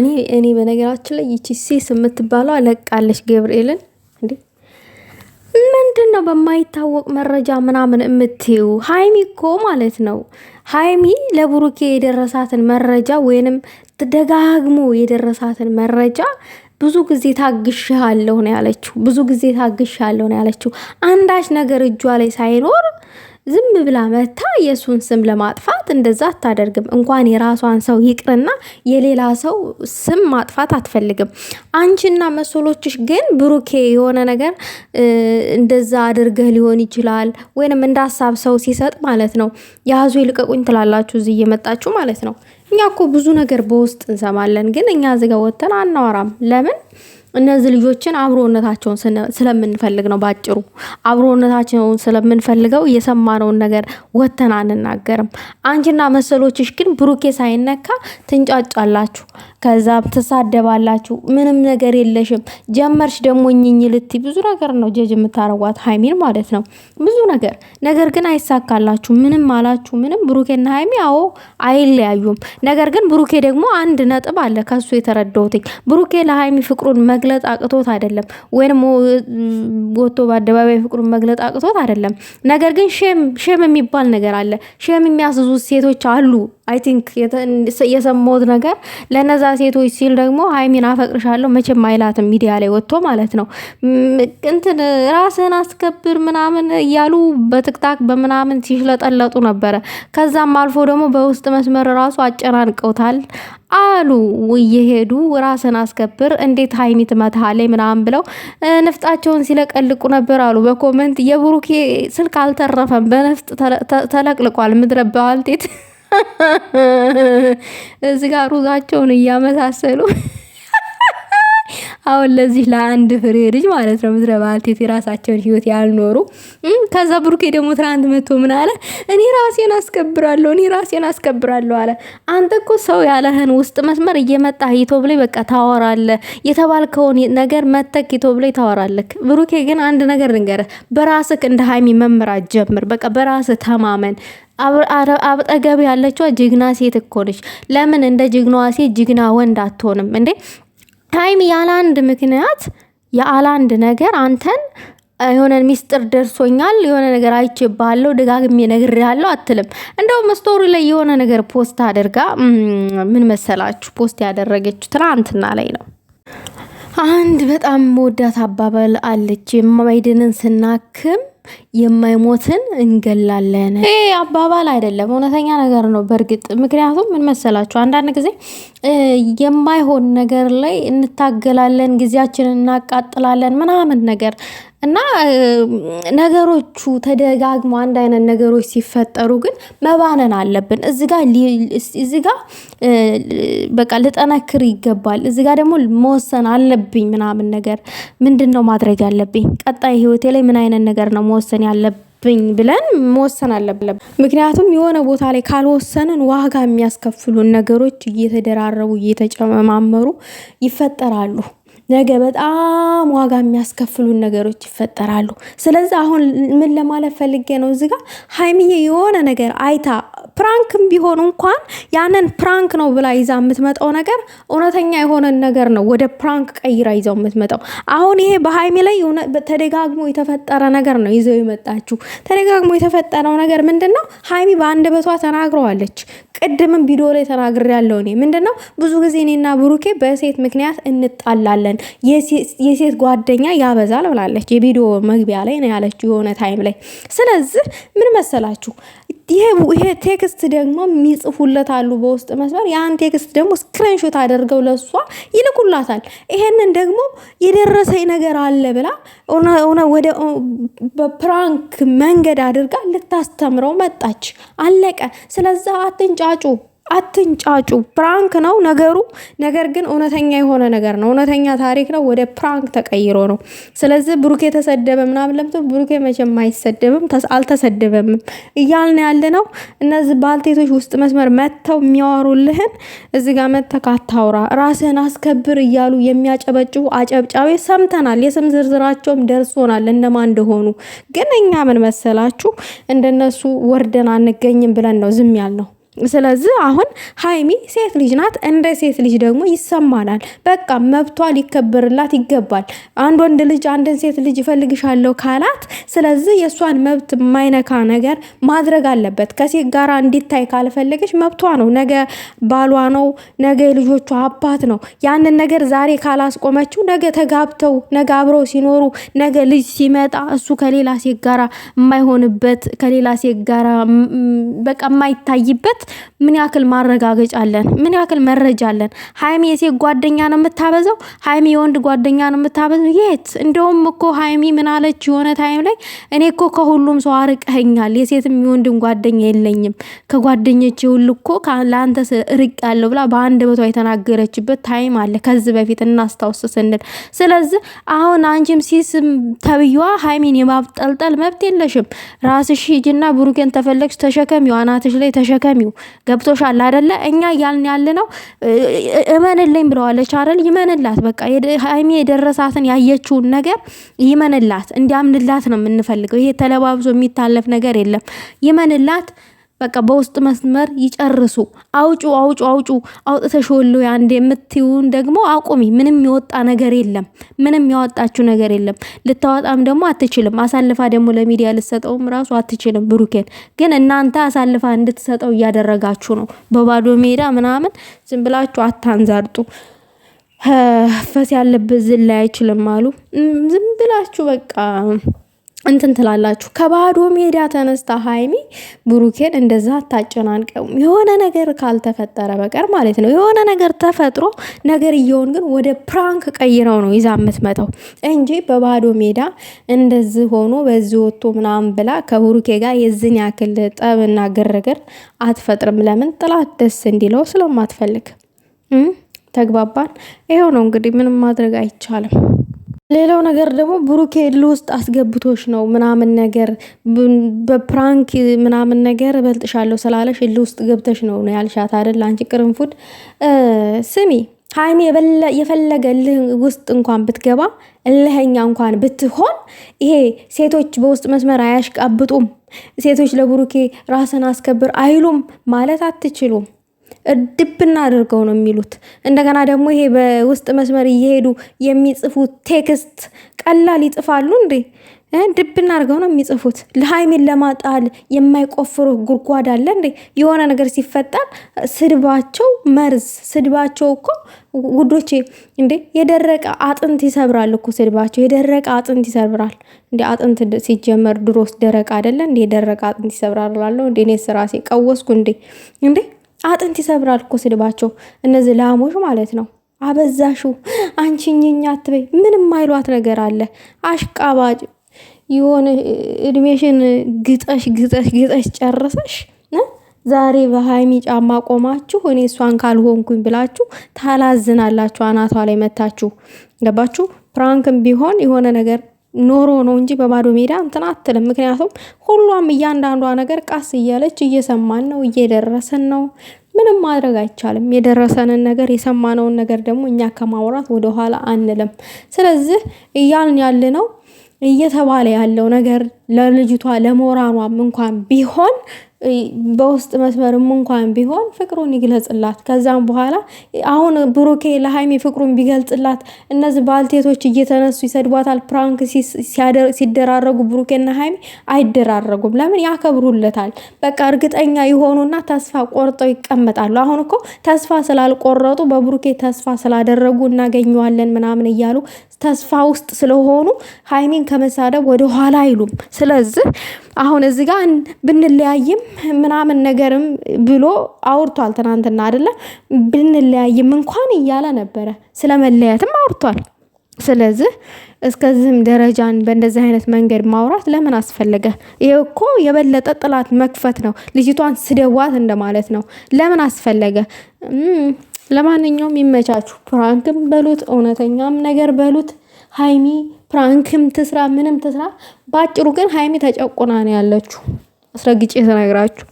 እኔ እኔ በነገራችን ላይ ይቺ ሴስ የምትባለው አለቃለች ገብርኤልን እንዴ ምንድን ነው በማይታወቅ መረጃ ምናምን የምትይው? ሀይሚ እኮ ማለት ነው ሀይሚ ለብሩኬ የደረሳትን መረጃ ወይንም ደጋግሞ የደረሳትን መረጃ ብዙ ጊዜ ታግሻለሁ ነው ያለችው። ብዙ ጊዜ ታግሻለሁ ነው ያለችው። አንዳች ነገር እጇ ላይ ሳይኖር ዝም ብላ መታ የእሱን ስም ለማጥፋት እንደዛ አታደርግም። እንኳን የራሷን ሰው ይቅርና የሌላ ሰው ስም ማጥፋት አትፈልግም። አንቺና መሰሎችሽ ግን ብሩኬ የሆነ ነገር እንደዛ አድርገህ ሊሆን ይችላል፣ ወይንም እንዳሳብ ሰው ሲሰጥ ማለት ነው የያዙ ይልቀቁኝ ትላላችሁ እዚህ እየመጣችሁ ማለት ነው። እኛ እኮ ብዙ ነገር በውስጥ እንሰማለን፣ ግን እኛ ዝጋ ወተን አናወራም። ለምን እነዚህ ልጆችን አብሮነታቸውን ስለምንፈልግ ነው። ባጭሩ አብሮነታቸውን ስለምንፈልገው የሰማነውን ነገር ወተን አንናገርም። አንቺና መሰሎችሽ ግን ብሩኬ ሳይነካ ትንጫጫላችሁ፣ ከዛም ትሳደባላችሁ። ምንም ነገር የለሽም። ጀመርሽ ደግሞ እኝኝ ልቲ ብዙ ነገር ነው ጀጅ የምታረጓት ሀይሚን ማለት ነው። ብዙ ነገር ነገር ግን አይሳካላችሁ። ምንም አላችሁ ምንም። ብሩኬና ሀይሚ አዎ አይለያዩም። ነገር ግን ብሩኬ ደግሞ አንድ ነጥብ አለ ከሱ የተረዳሁትኝ ብሩኬ ለሀይሚ ፍቅሩን መግ መግለጽ አቅቶት አይደለም፣ ወይም ወጥቶ በአደባባይ ፍቅሩን መግለጽ አቅቶት አይደለም። ነገር ግን ሼም የሚባል ነገር አለ። ሼም የሚያስዙት ሴቶች አሉ። አይ ቲንክ የሰማሁት ነገር ለነዛ ሴቶች ሲል ደግሞ ሀይሚን አፈቅርሻለሁ መቼም አይላትም ሚዲያ ላይ ወጥቶ ማለት ነው። እንትን ራስህን አስከብር ምናምን እያሉ በትክታክ በምናምን ሲሽለጠለጡ ነበረ። ከዛም አልፎ ደግሞ በውስጥ መስመር ራሱ አጨናንቀውታል። አሉ እየሄዱ ራስን አስከብር እንዴት ሀይሚ ትመታለች ምናምን ብለው ነፍጣቸውን ሲለቀልቁ ነበር አሉ በኮመንት የብሩኬ ስልክ አልተረፈም በነፍጥ ተለቅልቋል ምድረ ባልቴት እዚህ ጋር ሩዛቸውን እያመሳሰሉ አሁን ለዚህ ለአንድ ፍሬ ልጅ ማለት ነው ምድረ ባልቴት የራሳቸውን ህይወት ያልኖሩ። ከዛ ብሩኬ ደግሞ ትናንት መጥቶ ምን አለ? እኔ ራሴን አስከብራለሁ፣ እኔ ራሴን አስከብራለሁ አለ። አንተ እኮ ሰው ያለህን ውስጥ መስመር እየመጣ ይቶ ብለ በቃ ታወራለ፣ የተባልከውን ነገር መተክ ይቶ ብለ ታወራለክ። ብሩኬ ግን አንድ ነገር ንገረ፣ በራስክ እንደ ሀይሚ መምራት ጀምር። በቃ በራስ ተማመን። አጠገብ ያለችዋ ጀግና ሴት እኮ ነች። ለምን እንደ ጀግናዋ ሴት ጀግና ወንድ አትሆንም እንዴ? ታይም ያለ አንድ ምክንያት ያለ አንድ ነገር አንተን የሆነ ሚስጥር ደርሶኛል፣ የሆነ ነገር አይቼብሃለሁ፣ ደጋግሜ ነግሬሃለሁ አትልም። እንደውም ስቶሪ ላይ የሆነ ነገር ፖስት አድርጋ ምን መሰላችሁ ፖስት ያደረገችው ትናንትና ላይ ነው። አንድ በጣም መወዳት አባባል አለች፣ የማይድንን ስናክም የማይሞትን እንገላለን። ይሄ አባባል አይደለም፣ እውነተኛ ነገር ነው በእርግጥ ምክንያቱም ምን መሰላችሁ፣ አንዳንድ ጊዜ የማይሆን ነገር ላይ እንታገላለን፣ ጊዜያችንን እናቃጥላለን ምናምን ነገር እና ነገሮቹ ተደጋግሞ አንድ አይነት ነገሮች ሲፈጠሩ ግን መባነን አለብን። እዚ ጋ በቃ ልጠነክር ይገባል፣ እዚ ጋ ደግሞ መወሰን አለብኝ ምናምን ነገር ምንድን ነው ማድረግ ያለብኝ ቀጣይ ህይወቴ ላይ ምን አይነት ነገር ነው መወሰን ያለብኝ ብለን መወሰን አለብን። ምክንያቱም የሆነ ቦታ ላይ ካልወሰንን ዋጋ የሚያስከፍሉን ነገሮች እየተደራረቡ እየተጨማመሩ ይፈጠራሉ። ነገ በጣም ዋጋ የሚያስከፍሉን ነገሮች ይፈጠራሉ። ስለዚህ አሁን ምን ለማለት ፈልጌ ነው እዚጋ ሀይሚዬ የሆነ ነገር አይታ ፕራንክም ቢሆን እንኳን ያንን ፕራንክ ነው ብላ ይዛ የምትመጣው ነገር እውነተኛ የሆነን ነገር ነው ወደ ፕራንክ ቀይራ ይዘው የምትመጣው። አሁን ይሄ በሀይሚ ላይ ተደጋግሞ የተፈጠረ ነገር ነው ይዘው የመጣችው። ተደጋግሞ የተፈጠረው ነገር ምንድን ነው? ሀይሚ በአንደበቷ ተናግረዋለች ቅድምም ቪዲዮ ላይ ተናግሬ ያለው እኔ ምንድን ነው ብዙ ጊዜ እኔና ብሩኬ በሴት ምክንያት እንጣላለን፣ የሴት ጓደኛ ያበዛል ብላለች። የቪዲዮ መግቢያ ላይ ነው ያለችው የሆነ ታይም ላይ። ስለዚህ ምን መሰላችሁ ይሄ ቴክስት ደግሞ የሚጽፉለት አሉ በውስጥ መስመር። ያን ቴክስት ደግሞ ስክሪንሾት አድርገው ለእሷ ይልኩላታል። ይሄንን ደግሞ የደረሰኝ ነገር አለ ብላ ወደ በፕራንክ መንገድ አድርጋ ልታስተምረው መጣች። አለቀ። ስለዛ አትንጫ አትንጫጩ አትንጫጩ። ፕራንክ ነው ነገሩ፣ ነገር ግን እውነተኛ የሆነ ነገር ነው። እውነተኛ ታሪክ ነው፣ ወደ ፕራንክ ተቀይሮ ነው። ስለዚህ ብሩኬ ተሰደበ ምናምን ለምቶ ብሩኬ መቼም አይሰደብም፣ አልተሰደበም እያልን ያለ ነው። እነዚህ ባልቴቶች ውስጥ መስመር መጥተው የሚያወሩልህን እዚ ጋር መጥተህ አታውራ፣ ራስህን አስከብር እያሉ የሚያጨበጭቡ አጨብጫቤ ሰምተናል። የስም ዝርዝራቸውም ደርሶናል እነማን እንደሆኑ። ግን እኛ ምን መሰላችሁ እንደነሱ ወርደን አንገኝም ብለን ነው ዝም ያልነው። ስለዚህ አሁን ሀይሚ ሴት ልጅ ናት። እንደ ሴት ልጅ ደግሞ ይሰማናል። በቃ መብቷ ሊከበርላት ይገባል። አንድ ወንድ ልጅ አንድን ሴት ልጅ ይፈልግሻለሁ ካላት፣ ስለዚህ የእሷን መብት የማይነካ ነገር ማድረግ አለበት። ከሴት ጋር እንዲታይ ካልፈለገች መብቷ ነው። ነገ ባሏ ነው፣ ነገ የልጆቿ አባት ነው። ያንን ነገር ዛሬ ካላስቆመችው ነገ ተጋብተው ነገ አብረው ሲኖሩ ነገ ልጅ ሲመጣ እሱ ከሌላ ሴት ጋራ የማይሆንበት ከሌላ ሴት ጋራ በቃ የማይታይበት ምን ያክል ማረጋገጫ አለን? ምን ያክል መረጃ አለን? ሀይሚ የሴት ጓደኛ ነው የምታበዛው? ሀይሚ የወንድ ጓደኛ ነው የምታበዛው? የት እንደውም እኮ ሀይሚ ምን አለች የሆነ ታይም ላይ እኔ እኮ ከሁሉም ሰው አርቀኸኛል፣ የሴትም የወንድም ጓደኛ የለኝም፣ ከጓደኞች ሁሉ እኮ ለአንተ ርቅ ያለው ብላ በአንድ በቷ የተናገረችበት ታይም አለ። ከዚህ በፊት እናስታውስ ስንል ስለዚህ አሁን አንቺም ሲስም ተብዬዋ ሀይሚን የማብጠልጠል መብት የለሽም። ራስሽ ሂጂና ብሩኬን ተፈለግሽ ተሸከሚው፣ አናትሽ ላይ ተሸከሚው። ገብቶሻል አይደለ? እኛ እያልን ያለ ነው እመንልኝ ብለዋለች አረል። ይመንላት በቃ ሀይሚ የደረሳትን ያየችውን ነገር ይመንላት፣ እንዲያምንላት ነው የምንፈልገው። ይሄ ተለባብሶ የሚታለፍ ነገር የለም። ይመንላት። በቃ በውስጥ መስመር ይጨርሱ። አውጩ አውጩ አውጩ አውጥተሽ ወሎ አንድ የምትይውን ደግሞ አቁሚ። ምንም የወጣ ነገር የለም። ምንም ያወጣችው ነገር የለም። ልታወጣም ደግሞ አትችልም። አሳልፋ ደግሞ ለሚዲያ ልትሰጠውም ራሱ አትችልም። ብሩኬን ግን እናንተ አሳልፋ እንድትሰጠው እያደረጋችሁ ነው። በባዶ ሜዳ ምናምን ዝም ብላችሁ አታንዛርጡ። ፈስ ያለበት ዝላይ አይችልም አሉ። ዝም ብላችሁ በቃ እንትን ትላላችሁ። ከባዶ ሜዳ ተነስታ ሀይሚ ብሩኬን እንደዛ አታጨናንቀውም፣ የሆነ ነገር ካልተፈጠረ በቀር ማለት ነው። የሆነ ነገር ተፈጥሮ ነገር እየሆን ግን ወደ ፕራንክ ቀይረው ነው ይዛ የምትመጣው እንጂ በባዶ ሜዳ እንደዚህ ሆኖ በዚህ ወጥቶ ምናምን ብላ ከብሩኬ ጋር የዝን ያክል ጠብና ግርግር አትፈጥርም። ለምን ጥላት ደስ እንዲለው ስለማትፈልግ። ተግባባን። ይኸው ነው እንግዲህ ምንም ማድረግ አይቻልም። ሌላው ነገር ደግሞ ብሩኬ እል ውስጥ አስገብቶች ነው ምናምን ነገር በፕራንክ ምናምን ነገር እበልጥሻለሁ ስላለሽ እል ውስጥ ገብተሽ ነው ነው ያልሻት አይደል? አንቺ ቅርንፉድ ስሚ ሀይሚ የፈለገ እልህ ውስጥ እንኳን ብትገባ እልህኛ እንኳን ብትሆን ይሄ ሴቶች በውስጥ መስመር አያሽቃብጡም። ሴቶች ለብሩኬ ራስን አስከብር አይሉም ማለት አትችሉም። ድብና አድርገው ነው የሚሉት። እንደገና ደግሞ ይሄ በውስጥ መስመር እየሄዱ የሚጽፉት ቴክስት ቀላል ይጽፋሉ እንዴ? ድብና አድርገው ነው የሚጽፉት። ለሀይሜን ለማጣል የማይቆፍሩ ጉድጓድ አለ እንዴ? የሆነ ነገር ሲፈጠር ስድባቸው መርዝ። ስድባቸው እኮ ውዶቼ እንዴ የደረቀ አጥንት ይሰብራል እኮ ስድባቸው። የደረቀ አጥንት ይሰብራል እንዴ? አጥንት ሲጀመር ድሮስ ደረቅ አይደለ እንዴ? የደረቀ አጥንት ይሰብራል እላለሁ እንዴ? እኔ ስራሴ ቀወስኩ እንዴ እንዴ አጥንት ይሰብራል እኮ ስድባቸው። እነዚህ ላሞች ማለት ነው። አበዛሹ አንቺ እኝኛ አትበይ። ምንም አይሏት ነገር አለ። አሽቃባጭ የሆነ እድሜሽን ግጠሽ ግጠሽ ግጠሽ ጨረሰሽ። ዛሬ በሀይሚ ጫማ ቆማችሁ እኔ እሷን ካልሆንኩኝ ብላችሁ ታላዝናላችሁ። አናቷ ላይ መታችሁ። ገባችሁ? ፕራንክም ቢሆን የሆነ ነገር ኖሮ ነው እንጂ በባዶ ሜዳ እንትን አትልም። ምክንያቱም ሁሏም እያንዳንዷ ነገር ቃስ እያለች እየሰማን ነው፣ እየደረሰን ነው። ምንም ማድረግ አይቻልም። የደረሰንን ነገር የሰማነውን ነገር ደግሞ እኛ ከማውራት ወደኋላ አንልም። ስለዚህ እያልን ያለ ነው እየተባለ ያለው ነገር ለልጅቷ ለሞራኗም እንኳን ቢሆን በውስጥ መስመርም እንኳን ቢሆን ፍቅሩን ይግለጽላት። ከዛም በኋላ አሁን ብሩኬ ለሀይሚ ፍቅሩን ቢገልጽላት እነዚህ ባልቴቶች እየተነሱ ይሰድቧታል። ፕራንክ ሲደራረጉ ብሩኬና ሀይሜ አይደራረጉም። ለምን ያከብሩለታል። በቃ እርግጠኛ የሆኑና ተስፋ ቆርጠው ይቀመጣሉ። አሁን እኮ ተስፋ ስላልቆረጡ በብሩኬ ተስፋ ስላደረጉ እናገኘዋለን ምናምን እያሉ ተስፋ ውስጥ ስለሆኑ ሀይሚን ከመሳደብ ወደ ኋላ አይሉም። ስለዚህ አሁን እዚህ ጋር ብንለያይም ምናምን ነገርም ብሎ አውርቷል። ትናንትና አይደለም። ብንለያይም እንኳን እያለ ነበረ። ስለመለያትም አውርቷል። ስለዚህ እስከዚህም ደረጃን በእንደዚህ አይነት መንገድ ማውራት ለምን አስፈለገ? ይህ እኮ የበለጠ ጥላት መክፈት ነው። ልጅቷን ስደዋት እንደማለት ነው። ለምን አስፈለገ? ለማንኛውም ይመቻችሁ። ፕራንክም በሉት እውነተኛም ነገር በሉት። ሀይሚ ፕራንክም ትስራ ምንም ትስራ፣ በአጭሩ ግን ሀይሚ ተጨቁና ነው ያለችው። አስረግጬ ተነግራችሁ